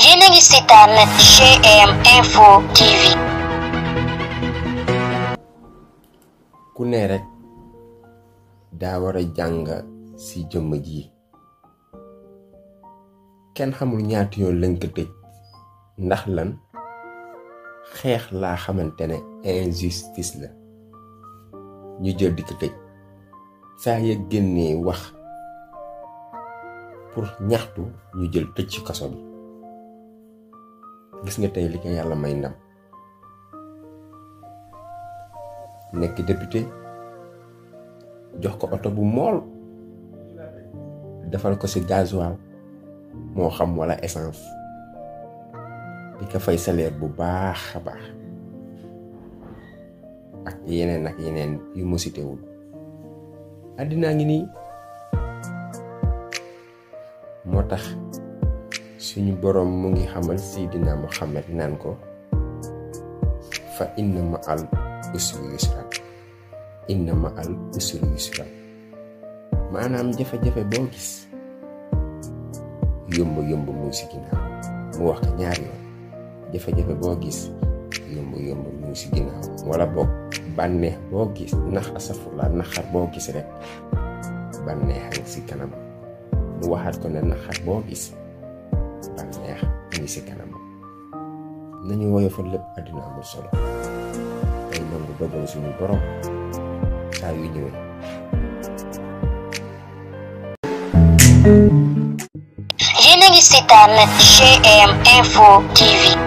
yéen a ngi seetaan GM Info TV. ku ne rek daa war a jàng ci jëmm ji kenn xamul ñaati yoon lañ ko tëj ndax lan xeex laa xamante ne injustice la ñu jël di ko tëj saa ya génnee wax. pour ñaxtu ñu jël tëj ci kaso bi gis nga tey li ko yàlla may ndam nekk député jox ko oto bu mool defal ko ci gasoil moo xam wala essence di ko fay salaire bu baax a baax ak yeneen ak yeneen yu mu wul àddinaa ngi nii motax suñu borom mu ngi xamal Seydina Muhammad nan ko fa inna ma al usri yusra inna ma al usri yusra manam jafé jafé bo gis yomb yomb mu ci gina mu wax ñaar yo jafé jafé bo gis yomb yomb mu ci gina wala bok banne bo gis nax la naxar bo gis rek banne kanam mu waxaat ko ne naqar boo gis bànneex mu ngi si kanam nañu woyofal lépp àddina amul solo day nangu dogal suñu borom saa yu ñëwee yéen a ngi seetaan GM Info TV